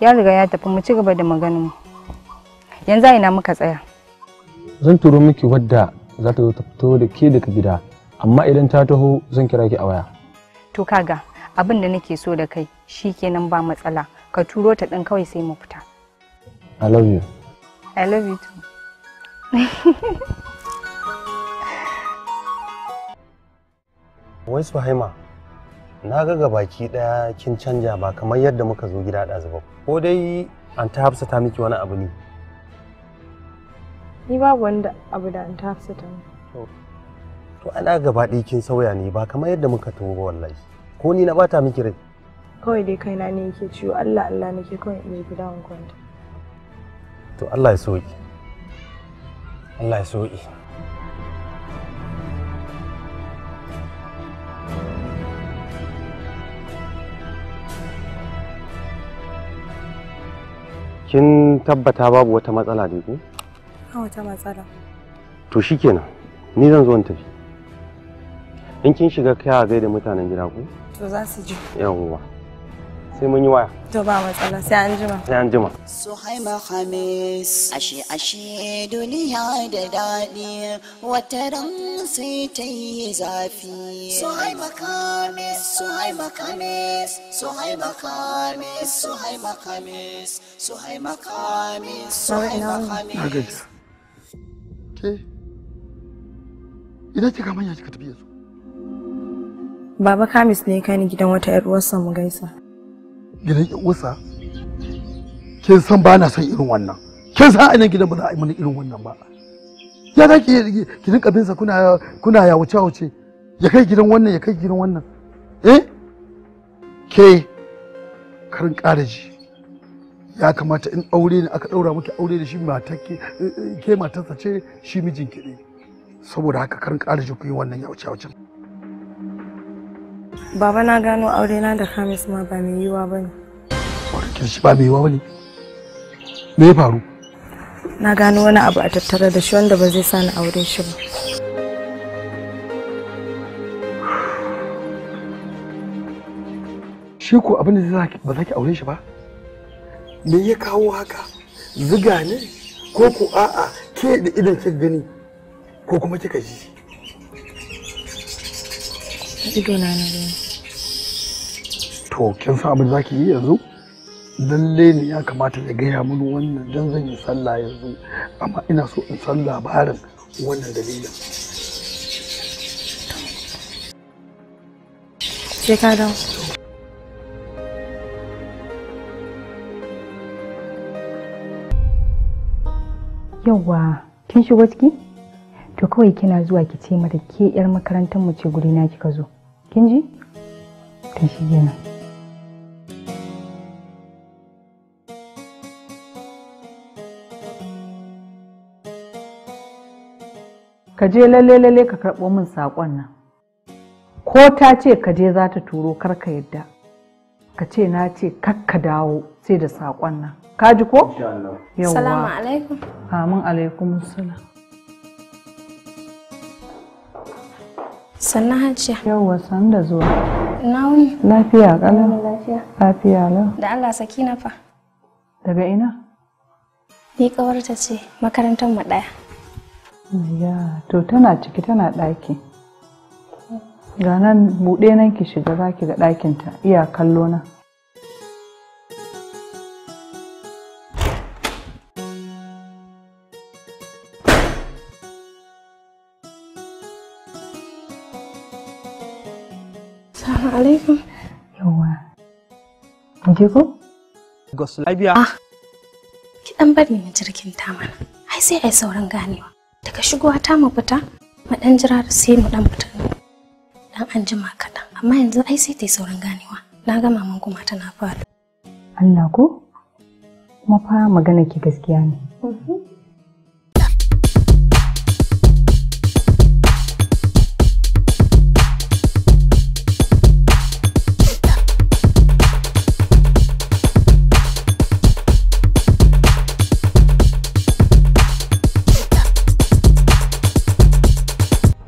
ya riga ya tafi mu ci gaba da maganin mu yanzu a ina muka tsaya zan turo miki wadda za ta zo ta fito da ke daga gida amma idan ta taho zan kira ki a waya to kaga abin da nake so da kai shikenan ba matsala ka turo ta din kawai sai mu fita i love you i love you too wai suhaima na ga baki daya kin canja ba kamar yadda muka zo gida da zuba ko dai an ta hafsa ta miki wani abu ne ni babu wanda abu da an ta hafsa ta to ana gaba ɗaya kin sauya ne ba kamar yadda muka taho ba wallahi ko ni na bata miki rai kawai dai kaina ne yake ciwo Allah Allah nake kawai in gida in kwanta to Allah ya soki Allah ya soki kin tabbata babu wata matsala da ku? A wata matsala. To shikenan, ni zan zo in tafi. In kin shiga kai a gaida mutanen gida ku? To za su ji. Yawwa. sai mun yi waya to ba matsala sai an jima sai an jima suhaima khamis ashe ashe duniya da daɗi wata ran sai ta yi zafi suhaima khamis suhaima khamis suhaima khamis suhaima khamis suhaima khamis suhaima khamis ke idan kika manya kika tafi yanzu Baba Kamis ne kai ni gidan wata 'yar uwarsa mu gaisa. gidan uwarsa kin san ba na son irin wannan kin san nan gidan ba za a yi mana irin wannan ba ya za ki ki dinka binsa kuna kuna ya wuce wuce ya kai gidan wannan ya kai gidan wannan eh ke karin ƙara ya kamata in aure ne aka ɗaura miki aure da shi matar ke matarsa ce shi mijinki ne saboda haka karin ƙara ku yi wannan ya wuce wuce Baba na gano aure na da Hamis ma ba mai yiwa ba ne. warke shi ba mai yiwa bane me ya faru na gano wani abu a tattare da shi wanda ba zai sa ni aure shi ba shi ko abin da ba za ki aure shi ba me ya kawo haka ziga ne ko ku a'a ke da idan kika gani ko kuma kika ji ido na ne to kin san abin da zaki yi yanzu lalle ne ya kamata ya gaya mun wannan don zan yi sallah yanzu amma ina so in san labarin wannan dalilin sai ka yauwa kin shigo ciki to kawai kina zuwa ki ce mata ke yar makarantar mu ce guri na kika zo kin ji to shi kenan ka je lalle lalle ka karɓo min saƙon nan ko ta ce ka je za ta turo kar ka yadda ka ce na ce kakka dawo sai da saƙon nan ka ji ko yawwa salamu alaikum amin alaikum salam sannan hajiya yawwa san da zuwa na wuni lafiya kala lafiya lau da allah na fa daga ina ni kawar ta ce makarantar mu ɗaya Ya, to tana ciki tana ɗaki. Ga nan buɗe nan ki shiga zaki da ga ɗakinta iya kallo na. alaikum. Yawa. Je ko? Ah, ki ɗan bari na jirgin ta mana. Ai sai ai sauran ganewa. daga shigowa ta mu fita mu dan jira sai mu dan fita dan an jima kaɗan amma yanzu ai sai ta yi sauran ganewa na ga maman kuma tana falo Allah ko kuma fa magana ki gaskiya ne mhm.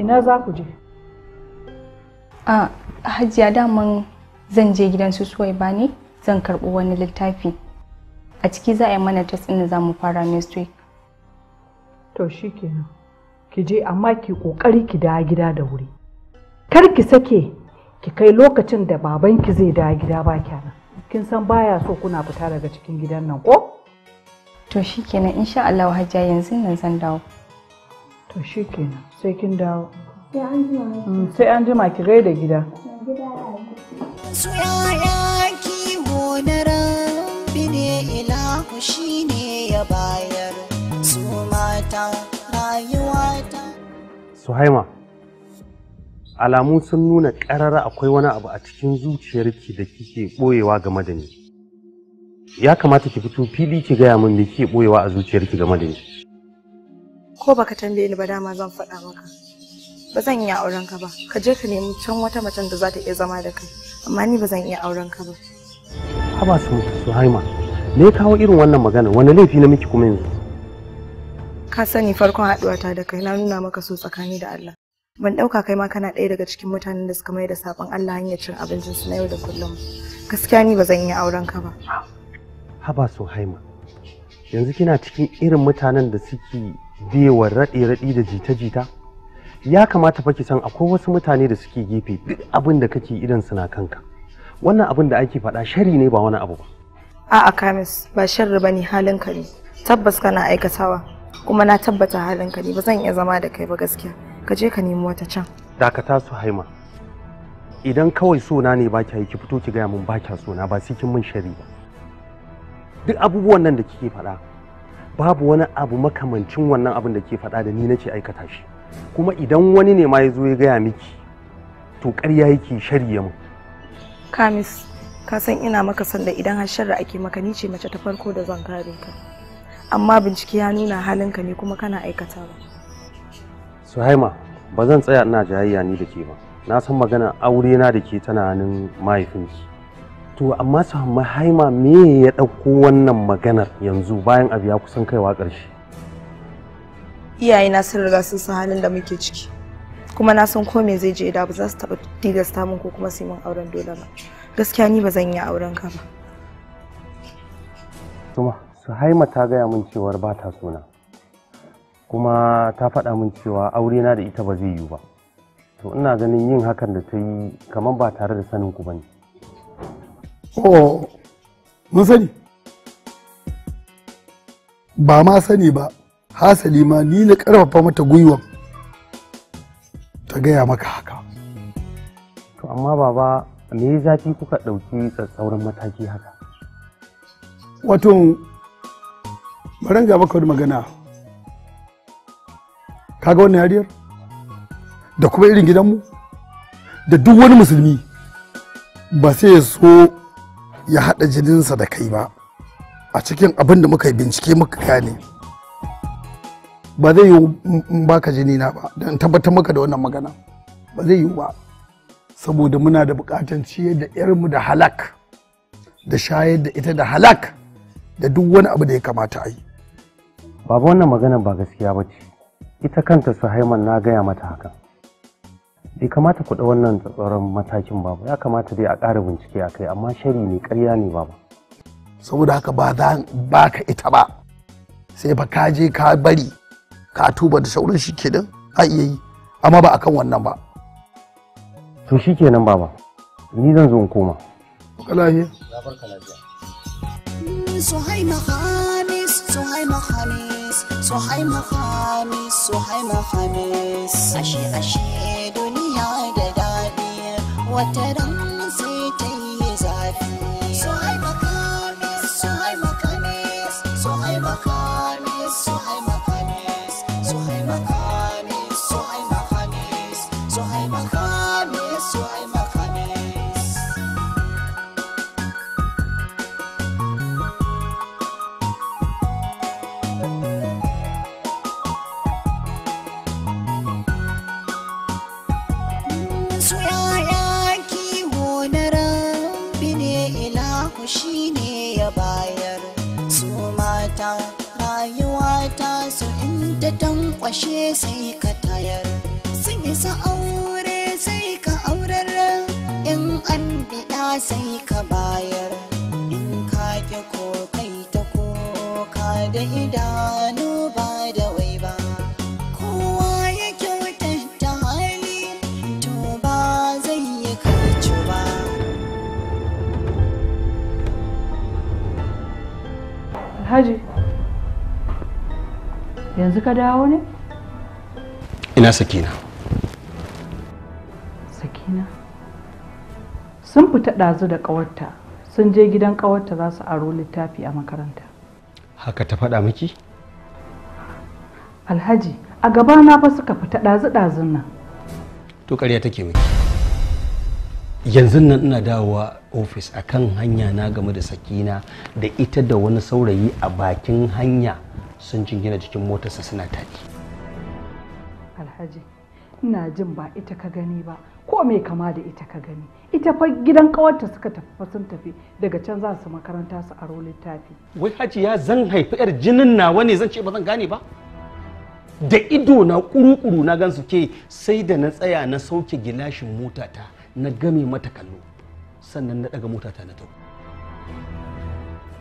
ina za ku je a hajiya daman zan je gidan su suwaiba ne zan karɓi wani littafi a ciki za a yi mana test ɗin za mu fara next week to kenan ki je amma ki kokari ki da gida da wuri kar ki sake ki kai lokacin da babanki zai da gida ba kenan kin san baya so kuna fita daga cikin gidan nan ko to shi in insha Allah hajiya yanzu nan zan dawo to shi kenan sai kin dawo sai an jima mm, ki da gida suhaima alamu sun nuna ƙarara akwai wani abu a cikin zuciyarki da kike ɓoyewa game da ni ya kamata ki fito fili ki gaya min me kike ɓoyewa a zuciyarki game da ni ko baka tambaye ni ba dama zan faɗa maka ba zan iya auren ka ba ka je ka nemi can wata macen da za ta iya zama da kai amma ni ba zan iya auren ka ba haba su su haima me ya kawo irin wannan magana wani laifi na miki kuma yanzu ka sani farkon haɗuwata da kai na nuna maka so tsakani da Allah ban ɗauka kai ma kana ɗaya daga cikin mutanen da suka mai da sabon Allah hanyar cin abincin su na yau da kullum gaskiya ni ba zan iya auren ka ba haba su haima yanzu kina cikin irin mutanen da suke bewa raɗe-raɗi da jita-jita ya kamata fa ki san akwai wasu mutane da suke gefe duk abin da kake idan suna kanka wannan abin da ake faɗa shari ne ba wani abu ba a'a kamis ba sharri ba ne halin ka ne tabbas kana aikatawa kuma na tabbata halin ka ne ba zan iya zama da kai ba gaskiya ka je ka nemi wata can dakata su haima idan kawai sona ne ba yi ki fito ki gaya mun ba kya sona ba sai kin min shari ba duk abubuwan nan da kike faɗa babu wani abu makamancin wannan abin da ke faɗa da ni nake aikata shi kuma idan wani ne ma ya zo ya gaya miki to ƙarya yake ya mu kamis ka san ina maka sanda idan har sharri ake maka ni ce mace ta farko da zan kare ka amma bincike ya nuna halinka ne kuma kana aikata ba suhaima ba zan tsaya ina jayayya ni da ke ba na san magana aure na da ke tana hannun mahaifinki to amma su haima me ya ɗauko wannan maganar yanzu bayan abu ya kusan kaiwa ƙarshe iyayena sun riga sun san halin da muke ciki kuma na san ko me zai je da ba za su taɓa digasta min ko kuma su auren dole ba gaskiya ni ba zan yi auren ka ba kuma haima ta gaya min cewar ba ta sona kuma ta faɗa min cewa aure na da ita ba zai yiwu ba to ina ganin yin hakan da ta yi kamar ba tare da sanin ku bane oh mun sani ba ma sani ba hasali ma ni na karfafa mata gwiwa ta gaya maka haka to amma baba me zafi kuka ɗauki tsatsauran mataki haka wato maranga baka magana kaga wannan yariyar da kuma irin gidanmu da duk wani musulmi ba sai ya so ya haɗa jininsa da kai ba a cikin abin da muka bincike muka gane ba zai yiwu baka jini na ba don tabbatar maka da wannan magana ba zai yiwu ba saboda muna da buƙatar ciyar da yarmu da halak da shayar da ita da halak da duk wani abu da ya kamata a yi. Baba wannan magana ba gaskiya ba ce, ita kanta su haiman na gaya mata hakan. bai kamata kuɗa wannan tsaron matakin ba ya kamata dai a ƙara bincike a kai amma shari ne ƙarya ne ba saboda haka ba za ba ka ita ba sai ba ka je ka bari ka tuba da sauran shi kenan a iya yi amma ba akan wannan ba to shi kenan baba ni zan zo in koma ka lafiya suhaima khamis suhaima khamis suhaima khamis suhaima khamis ashe ashe duniya na da daɗi wata ran sai ta yi zafi Shine ya bayar su mata rayuwa ta su inda tankwashe sai ka tayar sun isa aure sai ka aurar in an biya sai ka bayar in ka ki ko kai ta ko ka da idanu Alhaji, yanzu ka dawo ne? Ina sakina. Sakina? Sun fita ɗazu da ƙawarta, sun je gidan ƙawarta za su aro littafi a makaranta. Haka ta faɗa miki? Alhaji, a gaba na fa suka fita ɗazu-ɗazun nan. To ƙarya take miki. yanzu nan ina dawowa ofis a kan hanya na game da sakina da ita da wani saurayi a bakin hanya sun jingina jikin motarsa suna tafi. alhaji ina jin ba ita ka gani ba ko mai kama da ita ka gani ita fa gidan kawarta suka tafi sun tafi daga can za su makaranta su aro littafi wai ya zan haifi yar jinin nawa ne zan ce ba zan gane ba da ido na kuru-kuru na gan suke ke sai da na tsaya na sauke gilashin motata na game mata kallo sannan na daga motata na tau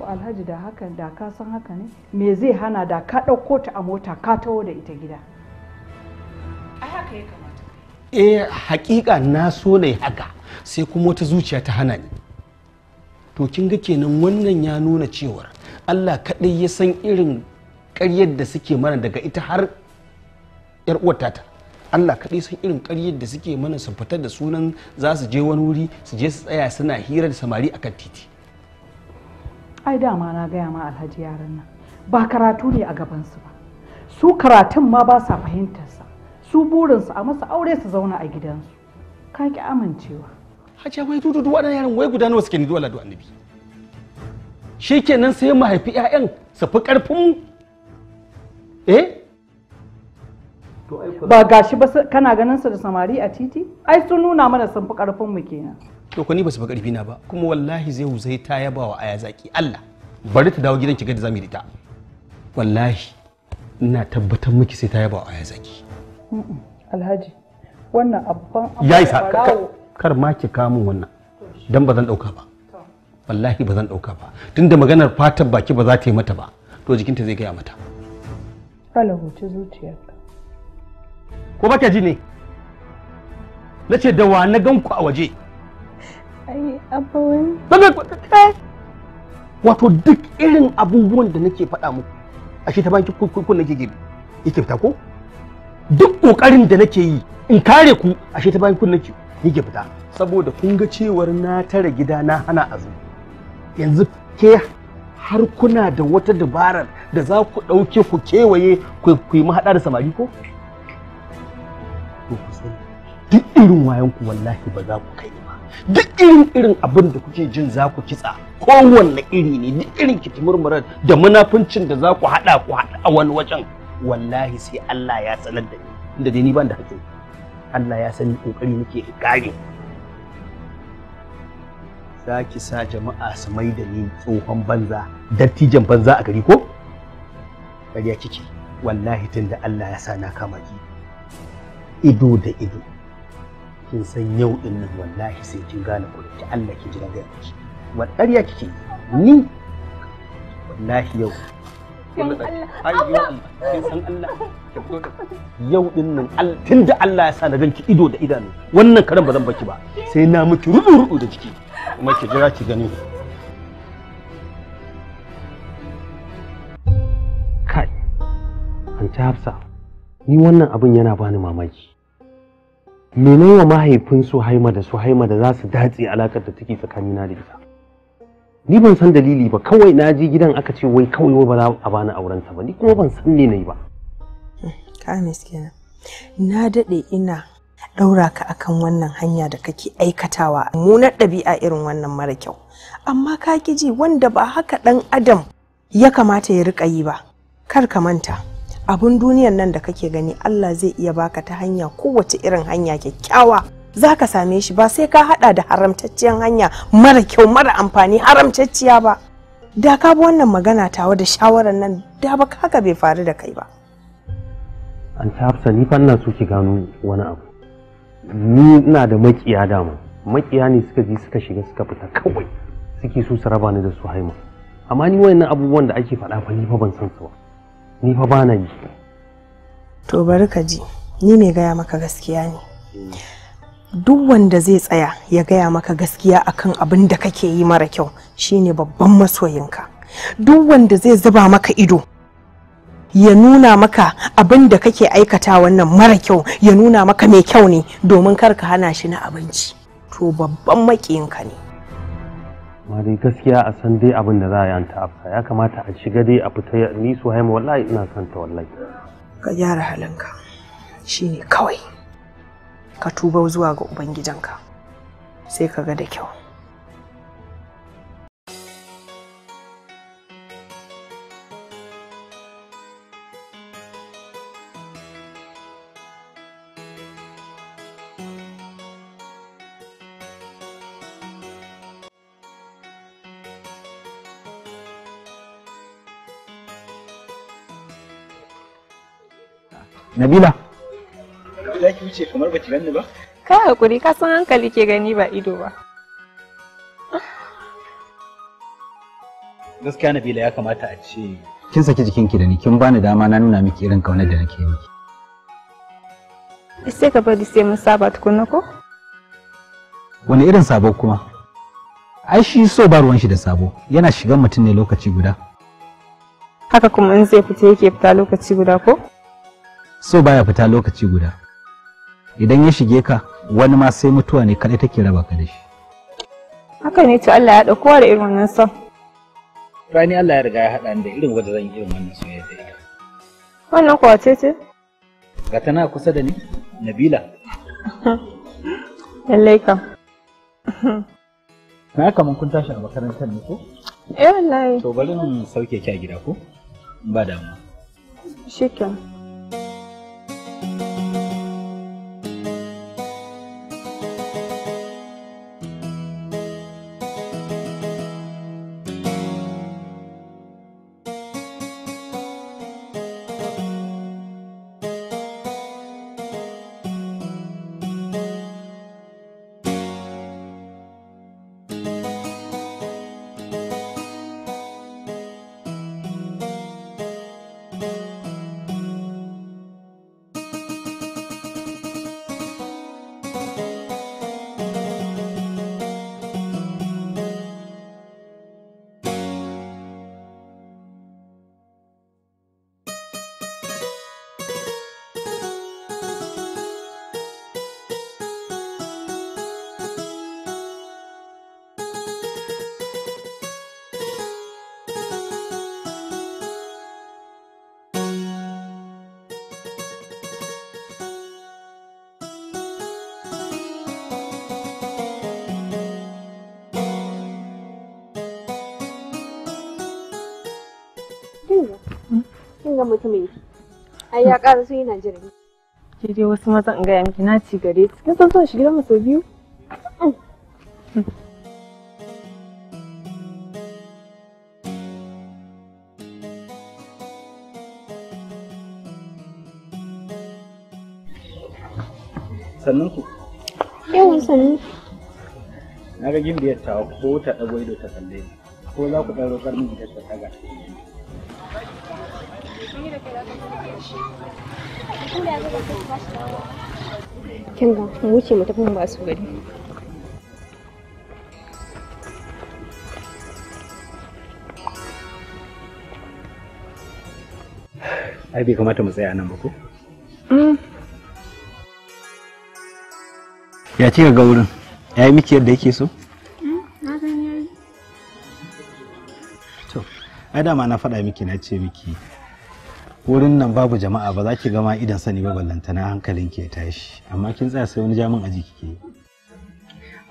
alhaji da haka da ka san haka ne me zai hana da ka ɗauko ta a mota ka taho da ita gida a haka ya kamata eh hakika na so na haka sai kuma wata zuciya ta hana ni to kin ga kenan wannan ya nuna cewar Allah kaɗai ya san irin ƙaryar da suke mana daga ita har 'yar uwar tata Allah kaɗai san irin ƙaryar da suke mana su fitar da sunan za su je wani wuri su je su tsaya suna hira da samari a kan titi. Ai dama na gaya ma alhaji yaran nan ba karatu ne a gabansu ba. Su karatun ma ba sa fahimtarsa su burinsu a masa aure su zauna a gidansu. Ka ki amincewa. Hajiya wai dudu duk waɗannan yaran wai guda nawa suke ni dole da annabi. kenan sai mahaifi 'ya'yan su fi ƙarfin mu. Eh? ba gashi ba kana ganin sa da samari a titi ai sun nuna mana sun fi karfin mu kenan to ku ni ba su fi karfi na ba kuma wallahi zai zai ta yaba wa aya zaki Allah bari ta dawo gidan ki ga da zamu yi ta wallahi ina tabbatar miki sai ta yaba wa aya zaki alhaji wannan abban yayi sa kar ma ki kamu wannan dan ba zan dauka ba wallahi ba zan dauka ba tunda maganar fatar baki ba za ta yi mata ba to jikinta zai gaya mata Allah huce zuciyarka ko ba ji ne na ce da wa na gan ku a waje eh! wato duk irin abubuwan da nake faɗa muku ashe ta banki kun nake gebe yake fita ko duk kokarin da nake yi in kare ku ashe ta bayan kun nake yake fita saboda kun ga cewar na tara gida na hana azu yanzu ke har kuna da wata dabarar da za ku ɗauke ku kewaye ku yi mahaɗa da samari ko ku sani duk irin wayan wallahi ba za ku kai ba duk irin irin abin da kuke jin za ku kitsa kowanne iri ne duk irin kitimurmurar da munafuncin da za ku haɗa ku haɗa a wani wajen wallahi sai Allah ya sanar da ni inda dai ni ban da hakki Allah ya sani kokari nake in kare za ki sa jama'a su mai da ni tsohon banza dattijan banza a gari ko ƙarya kike wallahi da Allah ya sa na kama ki ido da ido kin san yau din nan wallahi sai kin gane kuɗi ta Allah ki jira ga ki wa ƙarya kike ni wallahi yau yau din nan tun da Allah ya sa na ganki ido da idanu wannan karan ba zan baki ba sai na miki rudu rudu da jiki kuma ki jira ki gani kai an ta ni wannan abin yana bani mamaki mene wa mahaifin su haima da su haima da za su datse alakar da take tsakanina da ita ni ban san dalili ba kawai na ji gidan aka ce wai kawai wai ba za a bani aurenta ba ni kuma ban san ne nayi ba hmm, kamis kenan na daɗe ina ɗaura ka akan wannan hanya da kake aikatawa munar ɗabi'a irin wannan mara kyau amma ka ji wanda ba haka ɗan adam ya kamata ya riƙa yi ba kar ka manta abun duniyan nan da kake gani Allah zai iya baka ta hanya kowace irin hanya kyakkyawa za ka same shi ba sai ka hada da haramtacciyar hanya mara kyau mara amfani haramtacciya ba da ka bi wannan magana tawa da shawarar nan da ba kaka bai faru da kai ba an ta hafsa ni fa ina so ki gano wani abu ni ina da makiya dama makiya ne suka ji suka shiga suka fita kawai suke so su raba ni da su haima amma ni wayannan abubuwan da ake faɗa fa ni fa ban san su ba ni fa bana yi to bari ka ji ni mai gaya maka gaskiya ne duk wanda zai tsaya ya gaya maka gaskiya akan abin da kake yi mara kyau shine babban masoyinka duk wanda zai zuba maka ido ya nuna maka abin da kake aikata wannan mara kyau ya nuna maka mai kyau ne domin kar ka hana shi na abinci to babban maƙiyinka ne mari gaskiya a san dai abin da za a yanta afka ta'afsa ya kamata a shiga dai a fita ni su haima wallahi ina son ta wallahi ka gyara halinka ne kawai ka tuba zuwa ga ubangijanka sai ka ga da kyau Nabila. Nabila ki wuce kamar baki ganni ba? Ka hakuri ka san hankali ke gani ba ido ba. Gaskiya Nabila ya kamata a ce kin saki jikinki da ni kin bani dama na nuna miki irin kaunar da nake miki. Sai ka bari sai mun saba tukunna ko? Wani irin sabo kuma? Ai shi so ba ruwan shi da sabo yana shigan mutum ne lokaci guda. Haka kuma in zai fita yake fita lokaci guda ko? so baya fita lokaci guda idan ya shige ka wani ma sai mutuwa ne kaɗai take raba ka da shi haka ne to Allah ya ɗauko da irin wannan son rani Allah ya riga ya haɗa ni da irin wanda zan yi irin wannan soyayya da ita wannan kuwa ce ce ga tana kusa da ni Nabila lallai ka na haka mun kun tashi a makarantar ne ko eh wallahi to bari mun sauke ki a gida ko ba damuwa shikenan kin ga mutumin ki ai ya ƙara su yana jirgi ke dai wasu mazan in gaya miki na ci gare su kin san son shi gidan mu sau biyu sannan ku yawan sannan na ga gimbiyar ta ko ta ɗago ido ta kalle ko za ku ɗan roƙar da ta ɗaga Kin mu wuce mu tafi mu ba su gari. Ai bai kamata mu tsaya nan ba ko? Mm. Ya ci ga wurin? Ya yi miki yadda yake so? Mm, na san yayi. To, ai dama na faɗa miki na ce miki wurin nan babu jama'a ba za ki gama idan sani ba na hankalin ke tashi amma kin tsaya sai wani jamin aji kike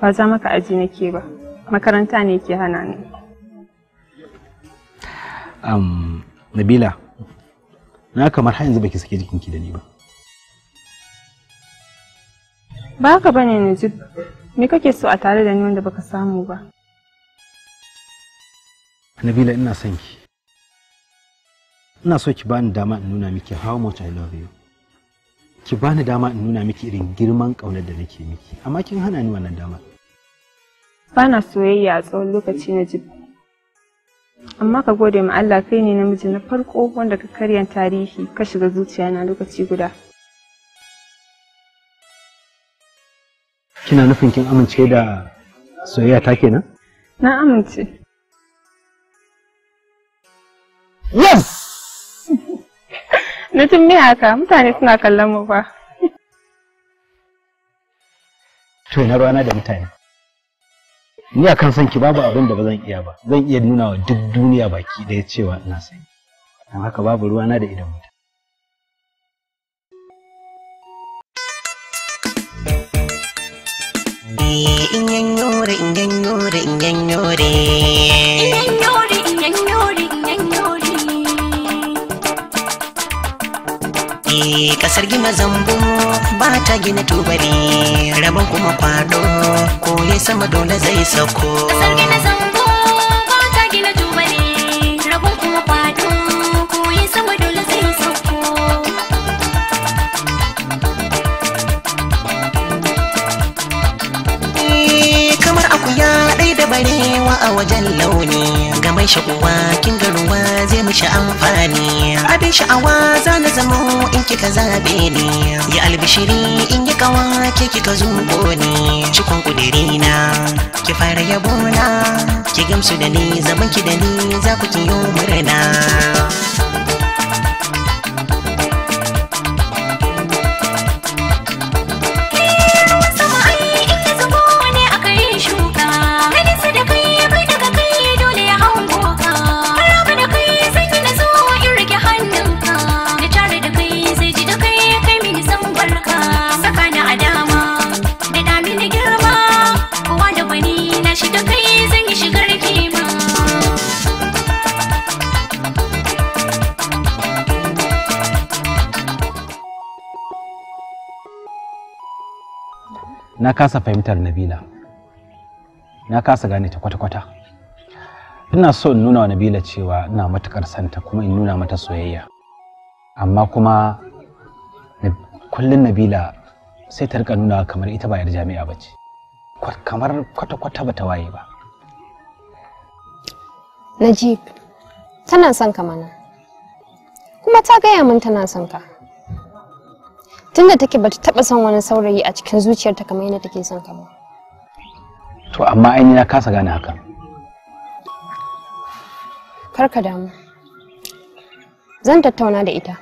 ba za maka aji nake ba makaranta ne ke hana ni um, nabila na kamar har yanzu baki sake jikinki da ni ba ba ka bane najib me kake so a tare da ni wanda baka samu ba nabila ina son ki ina so ki bani dama in nuna miki how much I love you ki bani dama in nuna miki irin girman ƙaunar da nake miki amma kin hana ni wannan dama bana soyayya a tsawon lokaci na ji amma ka gode ma Allah kai ne namiji na farko wanda ka karyan tarihi ka shiga zuciya na lokaci guda kina nufin kin amince da soyayya ta kenan na amince yes Litin me haka mutane suna kallon mu ba. To na rana da mutane. Ni a kan sanki babu abin da ba zan iya ba. Zan iya nuna wa duk duniya baki ɗaya cewa ina sanki. Don haka babu ruwana da idan mutane. Eh, in yanyo da in yanyo in yanyo kasar gina zambu ba ta gina tubari rabon kuma kwado ko ya sama dole zai sako. kasar gina zambu arewa a wajen launi ga mai sha'uwa kin garuwa zai mishi amfani abin sha'awa za na zamo in kika zabe ni ya albishiri in yi kawa ke kika zubo ni cikon kudiri na ki fara yabo na ki gamsu da ni zaman ki da ni za ku ki murna na kasa fahimtar nabila na kasa gane ta kwata-kwata ina so in nuna wa nabila cewa ina matukar santa kuma in nuna mata soyayya amma kuma kullum nabila sai ta rika nuna kamar ita ba yar jami'a ba ce kamar kwata-kwata ba ta waye ba najib tana son ka mana kuma ta gaya min tana son ka tunda take bata taba son wani saurayi a cikin zuciyarta kamar yadda take son ka ba to amma ni na kasa gane haka kar ka damu zan tattauna da ita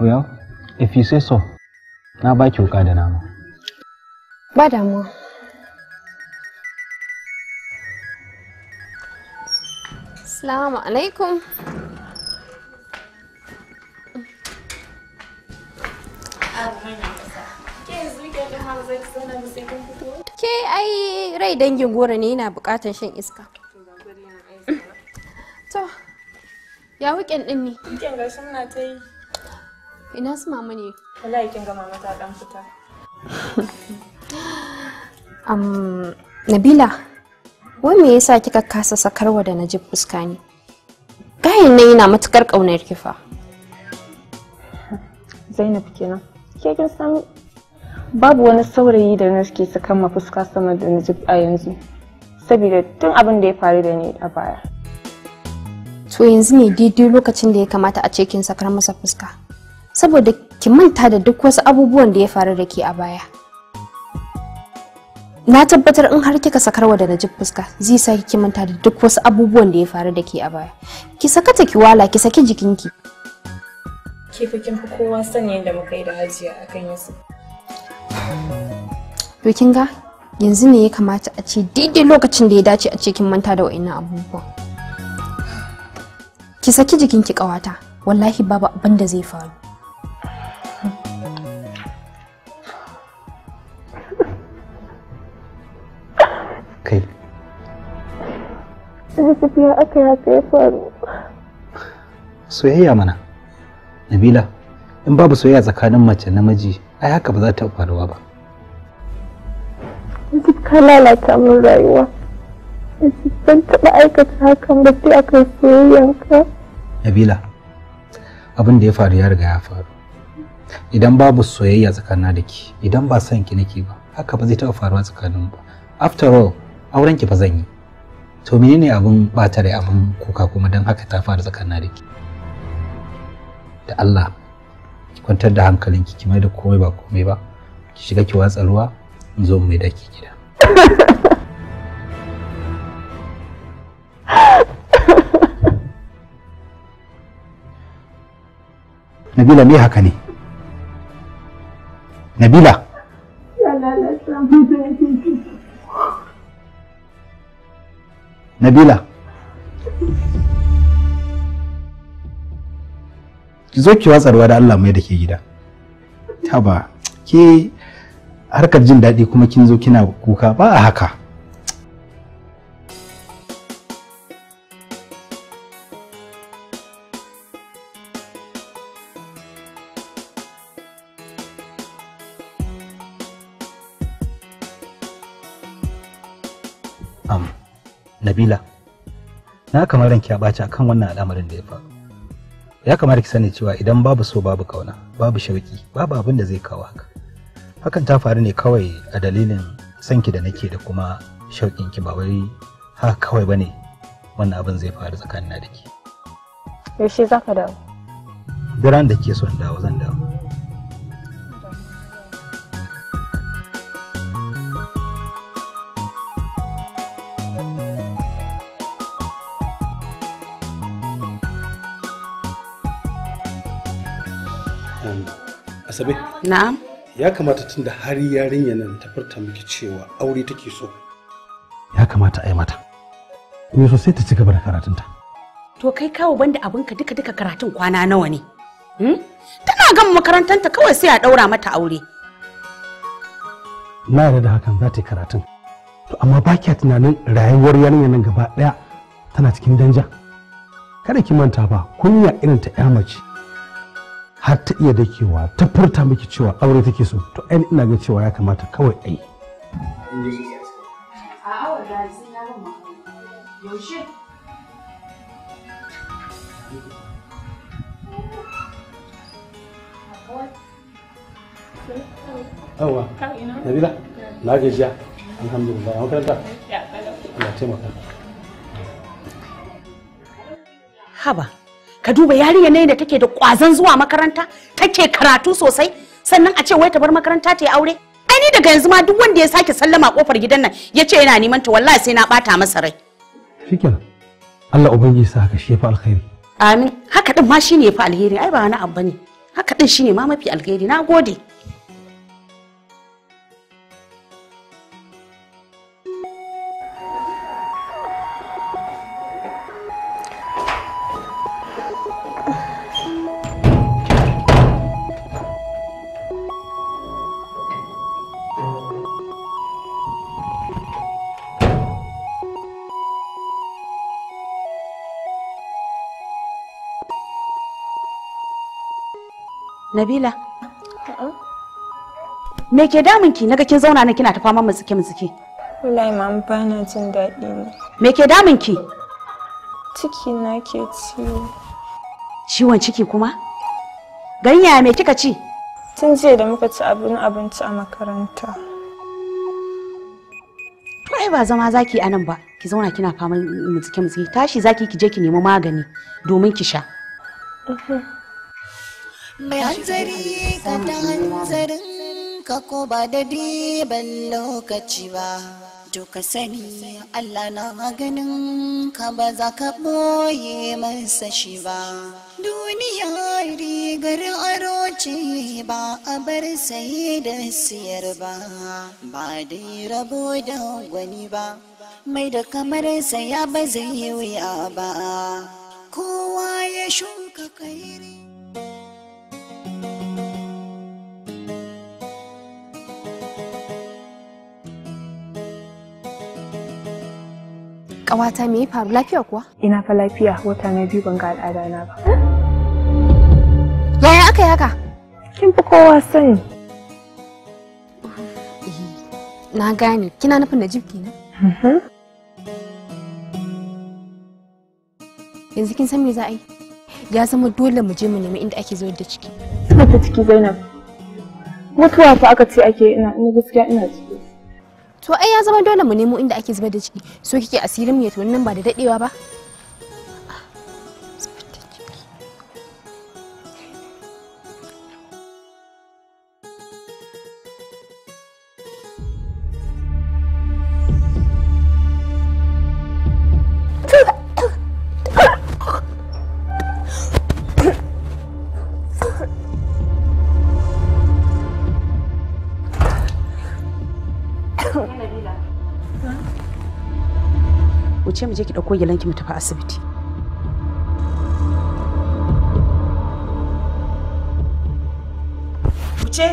well if you say so na baki wuka da nama ba damuwa Assalamu alaikum. Ke ai rai dangin gora ne yana bukatar shan iska. To, ya weekend din ne? Weekend ga na ta yi. Ina su mama ne? Wallahi kin ga mama ta dan fita. am Nabila, wai me yasa kika kasa sakarwa da Najib fuska ne? Gayin nan yana matukar kaunar kifa. Zainab kenan. ke kin san babu wani saurayi da nake sakan ma fuska sama da Najib a yanzu saboda tun abin da ya faru da ni a baya to yanzu ne daidai lokacin da ya kamata a ce kin sakar masa fuska saboda ki manta da duk wasu abubuwan da ya faru da ke a baya na tabbatar in har kika sakarwa da najib fuska zai sa ki manta da duk wasu abubuwan da ya faru da ke a baya ki sakata ki wala ki saki jikinki kifikin fi kowa sanya da muka yi da hajiya akan yasu to kin ga yanzu ne ya kamata a ce daidai lokacin da ya dace a cikin manta da wa'annan abubuwa. ki saki ki kawata wallahi babu abin da zai faru kai tafiya aka ya faru soyayya mana Nabila, in babu soyayya tsakanin mace namiji, ai haka ba za ta faruwa ba. Yanzu ka lalata min rayuwa. ban taɓa aikata hakan ba sai akan soyayyanka. Nabila, abin da ya faru ya riga ya faru. Idan babu soyayya tsakanin da ki, idan ba son ki nake ba, haka ba zai taɓa faruwa tsakanin ba. After all, auren ki fa zan yi. To menene abin ba tare da abin kuka kuma don haka ta faru tsakanin da ki? da Allah ki kwantar da hankalinki ki mai da komai ba komai ba ki shiga ki watsa ruwa in zo mai da gida Nabila me haka ne Nabila Nabila ki zo ki watsa ruwa da Allah mai da ke gida ta ba ke harkar jin daɗi kuma kin zo kina kuka ba a haka Nabila, na kamar ranki ya ɓaci akan wannan al'amarin da ya faru. ya kamata ki sani cewa idan babu so babu kauna babu shauki babu abin da zai kawo haka hakan ta faru ne kawai a dalilin sanki da nake da kuma shauƙin ki ba wai ha kawai bane wannan abin zai faru tsakanin na da ke yaushe zaka dawo duran da ke son dawo zan dawo Asabe? Na'am. Ya kamata tun da har yarinya nan ta furta miki cewa aure take so. Ya kamata a yi mata. Me so sai ta ci gaba da karatunta. To kai kawo banda abinka duka duka karatun kwana nawa ne? Hmm? Tana gama makarantanta kawai sai a ɗaura mata aure. Na yarda da hakan za ta yi karatun. To amma ba kya tunanin rayuwar yarinya nan gaba ɗaya tana cikin danja. Kada ki manta ba kunya irin ta 'ya mace. har ta iya dakewa ta furta miki cewa aure take so to ai ina ga cewa ya kamata kawai ai Haba. ka duba yariya ne da take da kwazon zuwa makaranta take karatu sosai sannan a ce wai ta bar makaranta ta yi aure ai ni daga yanzu ma duk wanda ya sake sallama kofar gidan nan ya ce yana neman ta wallahi sai na bata masa rai shikenan Allah ubangiji sa haka shi alkhairi amin haka din ma shine ya fi alheri ai ba wani abu bane haka din shine ma mafi alheri, na gode Nabila. Me ke damun ki naga kin zauna nan kina ta fama mutsike mutsike. Wallahi ma bana jin daɗi ne. Me ke damun ki? Ciki na ke ciwo. ciwon ciki kuma ganya me kika ci tun jiya da muka ci abin abinci a makaranta to ai ba zama zaki a nan ba ki zauna kina fama mutsike mutsike tashi zaki ki je ki nemi magani domin ki sha mai hanzari ka ta hanzarin ka ko ba da diban lokaci ba to ka sani Allah na maganin ka ba za ka boye masa shi ba duniya rigar aro ce ba a bar da siyar ba ba dai rabo da gwani ba mai da kamar saya ba zai yi wuya ba kowa ya shuka kairi Ƙawata me ya faru lafiya kuwa? Ina fa lafiya wata na biyu ban ga al'ada na ba. aka yi haka? Kin fi kowa sani. Na gane, kina nufin Najib kenan? Mm-hmm. Yanzu kin san me za a yi? Ya zama dole mu je mu nemi inda ake zuwa da ciki. Ina ta ciki Zainab. Mutuwa fa aka ce ake ina ina gaskiya ina ciki. To ai ya zama dole mu nemo inda ake zubar da ciki. So kike asirin mu ya to nan ba da dadewa ba? wuce mu je ki ɗauko gyalanki mu tafi asibiti wuce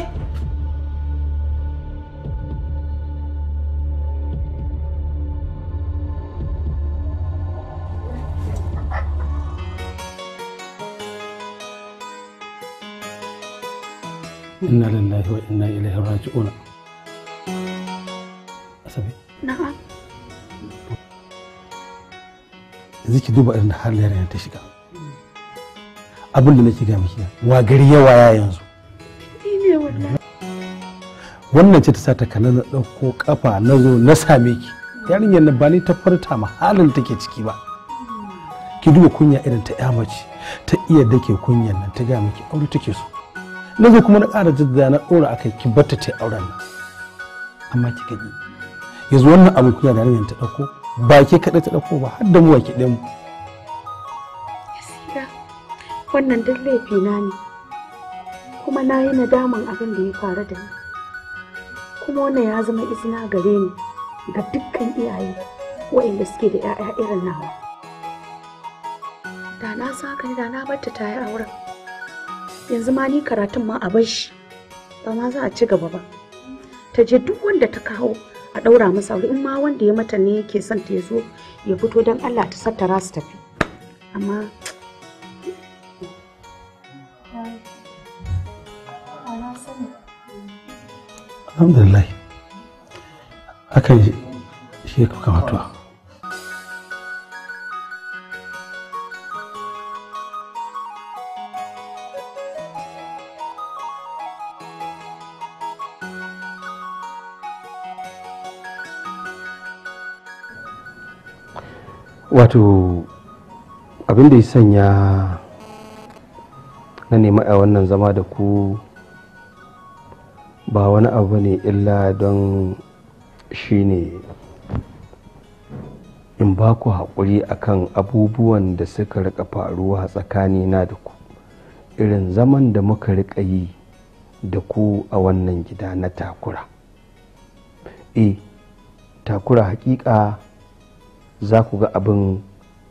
inna lillahi wa inna ilaihi raji'un ziki ki duba irin da yarinya ta shiga abin da nake ga miki wa gari yawa ya yanzu wannan ce ta sa ta kanan na ɗauko kafa na zo na same ki yarinyar na ba ni ta ma halin take ciki ba ki duba kunya irin ta ya mace ta iya dake kunyan nan ta ga miki aure take so na zo kuma na ƙara jidda na ɗora akai ki batta ta auren nan amma ki gani yanzu wannan abu kunya da yarinyar ta ɗauko ba ke kaɗai ta ɗauko ba har da mu baki ɗayan mu. Gaskiya wannan duk laifi na ne kuma na yi nadaman abin da ya faru da ni kuma wannan ya zama izina gare ni ga dukkan iyaye waɗanda suke da 'ya'ya irin nawa. Da na saka ni da na barta ta yi auren yanzu ma ni karatun ma a bar shi ba za a ci gaba ba ta je duk wanda ta kawo ka ɗaura masa aure in ma wanda ya mata ne yake son ta zo ya fito don Allah ta sattara su tafi amma alhamdulillah haka shi kuka matuwa wato abin da ya sanya na nema a wannan zama da ku ba wani abu ne illa don shi ne in ba ku haƙuri kan abubuwan da suka rika faruwa tsakani na da ku irin zaman da muka rika yi da ku a wannan gida na takura e takura hakika za ku ga abin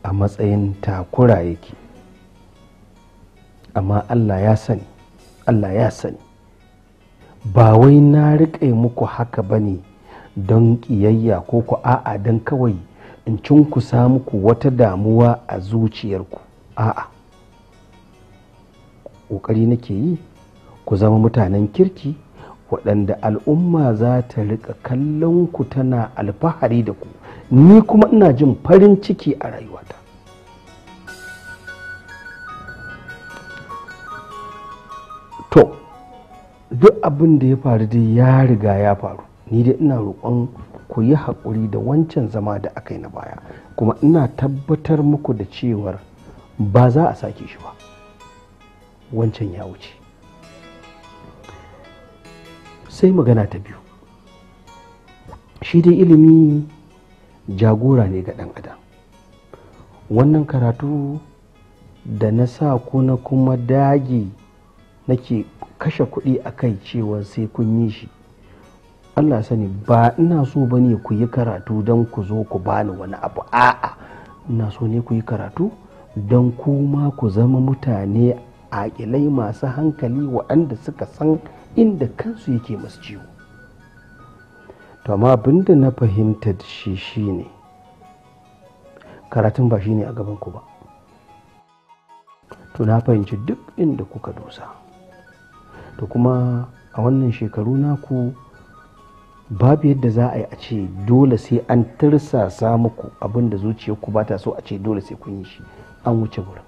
a matsayin takura yake amma allah ya sani allah ya sani ba wai na riƙe muku haka ba ne don ƙiyayya ko ku a'a don kawai in cin samu muku wata damuwa a zuciyarku a'a ƙoƙari nake yi ku zama mutanen kirki waɗanda al'umma za ta riƙa kallon ku tana alfahari da ku ni kuma ina jin farin ciki a rayuwata to duk abin da ya faru dai ya riga ya faru ni dai ina roƙon ku yi haƙuri da wancan zama da aka yi na baya kuma ina tabbatar muku da cewar ba za a sake shi ba wancan ya wuce sai magana ta biyu shi dai ilimi jagora ne ga ɗan adam wannan karatu da na sa ku na kuma dagi nake kashe kuɗi a kai cewa sai kun yi shi allah sani ba ina so ba ne ku yi karatu don ku zo ku bani wani abu a'a ina so ne ku yi karatu don kuma ku zama mutane aƙilai masu hankali waɗanda suka san inda kansu yake masu ciwo to amma abin na fahimta da shi shine karatun ba shi ne a gaban ku ba to na fahimci duk inda kuka dosa to kuma a wannan shekaru naku babu yadda za a yi a ce dole sai an samu muku abin da zuciyarku ba ta so a ce dole sai kun yi shi an wuce wurin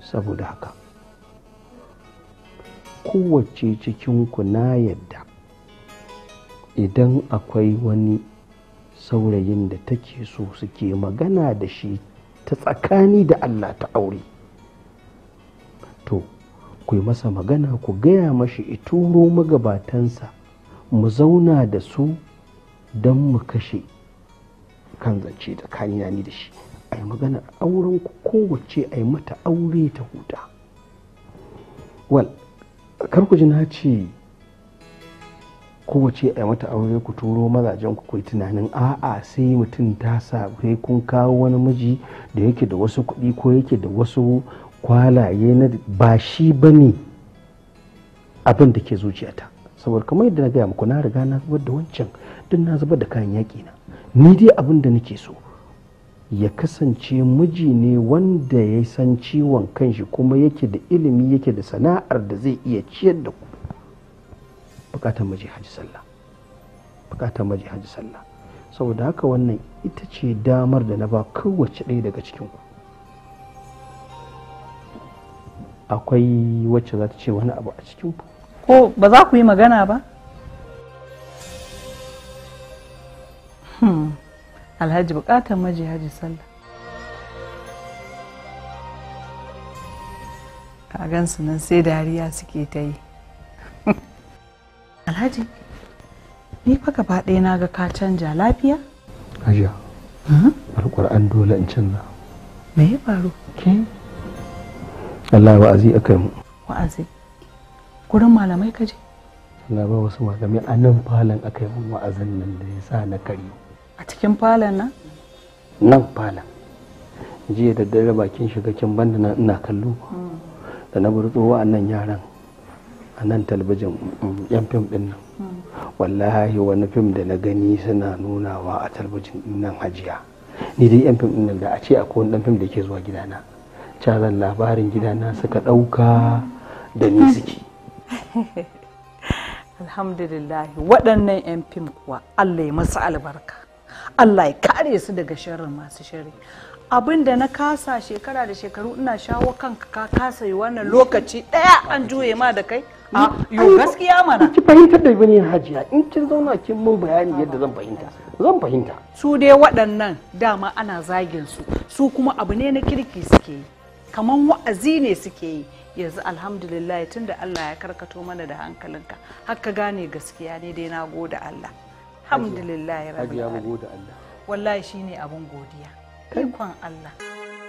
saboda haka kowace cikinku na yadda idan akwai wani saurayin da take so suke magana da shi ta tsakani da Allah ta aure to kuyi masa magana ku gaya mashi ituro magabatansa mu zauna da su don mu kashe kan zance tsakanina ni da shi a yi magana auren ku kowace a yi mata aure ta huta wal kar na ce ce a mata aure ku turo mazajen ku kai tunanin a'a sai mutum ta sa kun kawo wani miji da yake da wasu kuɗi ko yake da wasu kwalaye na ba shi ba ne abin da ke zuciyata saboda kamar yadda na gaya muku na riga na zubar da wancan duk na zubar da kayan yaƙi na ni dai abin da nake so ya kasance miji ne wanda ya san ciwon kanshi kuma yake da ilimi yake da sana'ar da zai iya ciyar da ku bukatar maji hajji sallah bukatar maji hajji sallah saboda haka wannan ita ce damar da na ba kowace ɗaya daga cikin ku akwai wacce za ta ce wani abu a cikin ku ko ba za ku yi magana ba hmm. alhaji bukatar maji hajji sallah a gansu nan sai dariya suke ta yi alhaji ni fa gaba ɗaya na ga ka canja lafiya hajiya an dole in canza me ya faru ke Allah wa'azi aka yi wa'azi gurin malamai ka je Allah ba wasu malamai a nan falon aka yi mun wa'azin nan da ya sa na kari a cikin falon nan nan falon jiya da dare bakin shiga kin banda na ina kallo hmm. da na a nan yaran a nan talabijin mm, yan fim din nan wallahi wani fim da na gani suna nunawa a talabijin din nan hajiya ni dai yan fim din nan da a ce akwai wani dan fim da ke zuwa gidana cazan labarin gidana suka ɗauka da ni suke alhamdulillah waɗannan 'yan fim kuwa allah ya masu albarka allah ya kare su daga sharrin masu shiri abin da na kasa shekara da shekaru ina shawo kanka ka kasa yi wannan lokaci ɗaya an juye ma da kai a yo gaskiya mana ki fahimtar da bane hajiya in kin zauna kin mun bayani yadda zan fahimta zan fahimta su dai waɗannan dama ana zagin su su kuma abu ne na kirki suke yi kamar wa'azi ne suke yi yanzu alhamdulillah tunda Allah ya karkato mana da hankalinka har ka gane gaskiya ne dai na gode Allah alhamdulillah rabbil alamin wallahi shine abun godiya ikon Allah